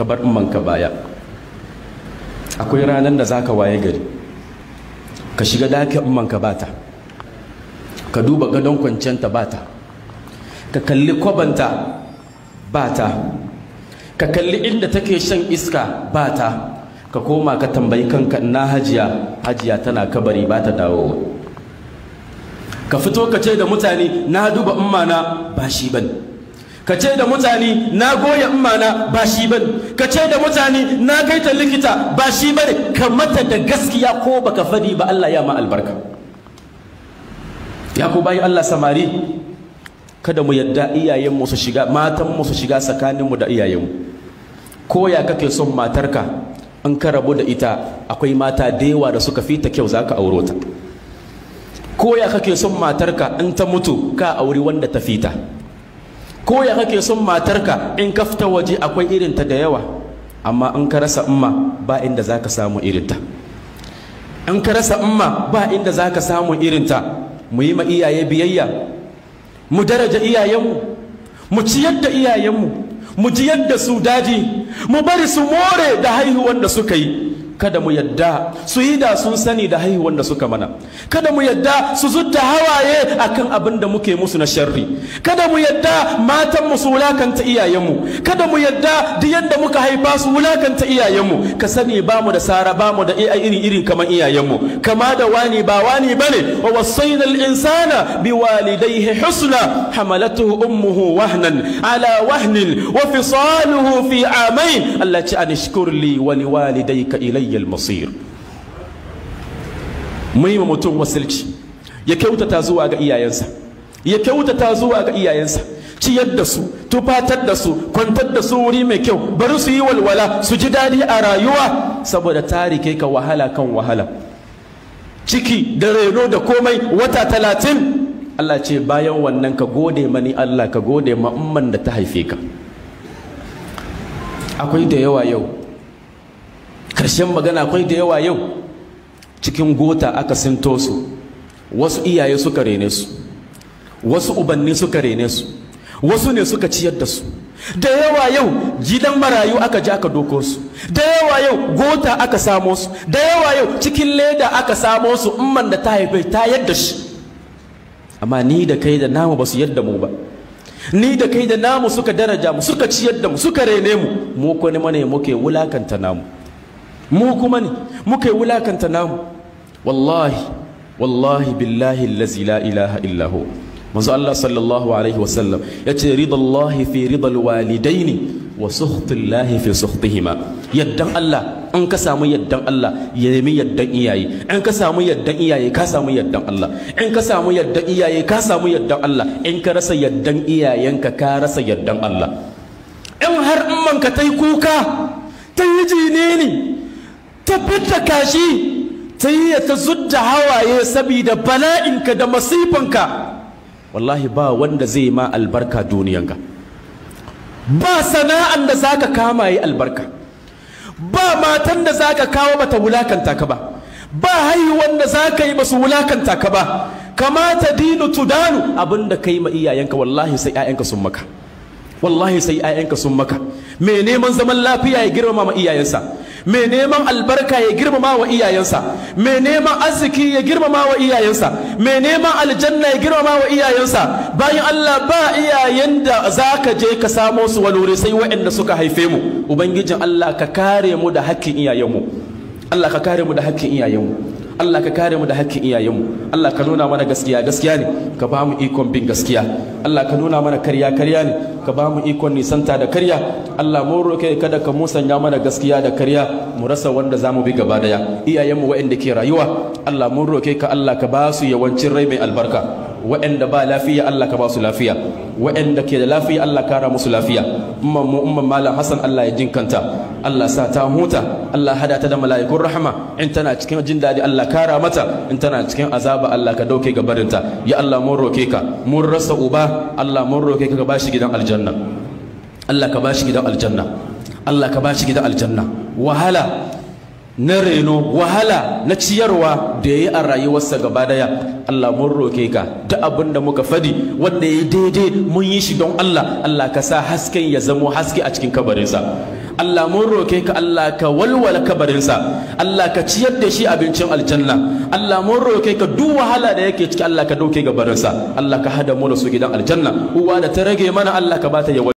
ka bar in ka baya akwai ranar da za ka waye gari ka shiga dakin umman ka bata ka duba gadon kwancenta bata ka kalli kwabanta bata ka kalli inda take shan iska bata ka koma ka tambayi kanka na hajiya hajiya tana kabari ba ta dawowa ka fito ka ce da mutane na duba na ba shi bane ka ce da mutane na goya imana ba shi bane ka ce da mutane na gaita likita ba shi bane ka mata da gaskiya ko baka fadi ba Allah ya ma albarka ya ku bayi Allah samari kada mu yadda iyayenmu su shiga matanmu su shiga tsakaninmu da iyayenmu ko ya kake son matarka an ka rabu da ita akwai mata da yawa da suka fita kyau za ka auro ta ko ya kake son matarka in ta mutu ka auri wanda ta fita ko ya kake son matarka in ka fita waje akwai irinta da yawa amma in ka rasa umma ba inda za ka samu irinta in ka rasa umma ba inda za ka samu irinta mu yi ma iyaye biyayya mu daraja iyayenmu mu ciyar da iyayenmu mu ji yadda su daji mu bari su more da haihuwan da suka yi kada mu yadda su yi da sun sani da haihuwan da suka mana kada mu yadda su zutta hawaye akan abin da muke musu na sharri kada mu yadda matan mu su wulakanta iyayenmu kada mu yadda duk yadda muka haifa su wulakanta iyayenmu ka sani ba mu da sara ba mu da iri iri kamar iyayenmu kama da wani ba wani bane wa wasaina al-insana biwalidayhi husna hamalatuhu ummuhu wahnan ala wahnin wa fisaluhu fi amain Allah ce an li wa liwalidayka ilayhi ilayyal masir mai ma mutum wasilci ya kyautata zuwa ga iyayensa ya kyautata zuwa ga iyayensa ciyar da su tufatar da su kwantar da su wuri mai kyau bari su yi walwala su ji daɗi a rayuwa saboda tarike ka wahala kan wahala ciki da reno da komai wata talatin Allah ce bayan wannan ka gode mani Allah ka gode ma umman da ta haife ka akwai da yawa yau karshen magana akwai da yawa yau cikin gota aka sinto su wasu iyaye suka rene su wasu ubanni suka rene su wasu ne suka ciyar da su da yawa yau gidan marayu aka ji aka doko su da yawa yau gota aka samo su da yawa yau cikin leda aka samo su umman da ta haife ta yadda shi amma ni da kai da namu ba su yadda mu ba ni da kai da namu suka daraja mu suka ciyar da mu suka rene mu mu ko ne muke wulakanta namu mu kuma ne muka yi wulakanta namu wallahi wallahi billahi allazi la ilaha illa hu manzo Allah sallallahu alaihi wasallam yace ridallahi fi ridal walidaini wa sukhtillahi fi sukhtihima yaddan Allah in ka samu yaddan Allah ya nemi yaddan iyaye In ka samu yaddan iyaye ka samu yaddan Allah in ka samu yaddan iyaye ka samu yaddan Allah in ka rasa yaddan iyayenka ka rasa yaddan Allah in har in manka yi kuka ta yi jine ta kashi ta yi ta zudda hawaye saboda bala'inka da masifanka wallahi ba wanda zai ma albarka duniyanka ba sana'an da zaka kama yi albarka ba matan da zaka kawo bata wulakanta ka ba ba haihuwan da zaka yi basu wulakanta ka ba kamata dinu tudanu abinda kai ma iyayenka wallahi sai 'ya'yanka sun maka wallahi sai 'ya'yanka sun maka mai neman zaman lafiya ya girmama iyayensa mai neman albarka ya girmama wa iyayensa mai neman arziki ya girmama wa iyayensa mai neman aljanna ya girmama wa iyayensa bayan Allah ba iyayen da za ka je ka samo su wani sai waɗanda suka haife mu ubangijin Allah ka kare mu da hakkin iyayenmu Allah ka kare mu da hakkin iyayenmu Allah ka kare mu da hakkin iyayenmu Allah ka nuna mana gaskiya gaskiya ne ka ba mu ikon bin gaskiya Allah ka nuna mana karya karya ne ka ba mu ikon nisanta da karya Allah mu roke kada ka musanya mana gaskiya da karya mu rasa wanda za mu bi gaba daya iyayenmu waɗanda ke rayuwa Allah mun roke ka Allah ka ba su yawancin rai mai albarka waɗanda ba lafiya Allah ka ba su lafiya waɗanda ke da lafiya Allah kara musu lafiya umman mu umman malam Hassan Allah ya jinkanta Allah sa ta huta Allah hada ta da mala'ikun rahama in tana cikin jin daɗi Allah kara mata in tana cikin azaba Allah ka dauke gabarinta ya Allah mun roke ka mun rasa uba Allah mun roke ka ka bashi gidan aljanna Allah ka bashi gidan aljanna Allah ka bashi gidan aljanna wahala na reno wahala na ciyarwa da ya yi a rayuwarsa gaba daya Allah mun roke ka da abin da muka fadi wanda ya daidai mun yi shi don Allah Allah ka sa hasken ya zamo haske a cikin kabarinsa Allah mun roke ka Allah ka walwala kabarinsa Allah ka ciyar da shi abincin aljanna Allah mun roke ka duk wahala da yake ciki Allah ka dauke gabarinsa Allah ka hada mu da su gidan aljanna uwa da ta rage mana Allah ka bata yawa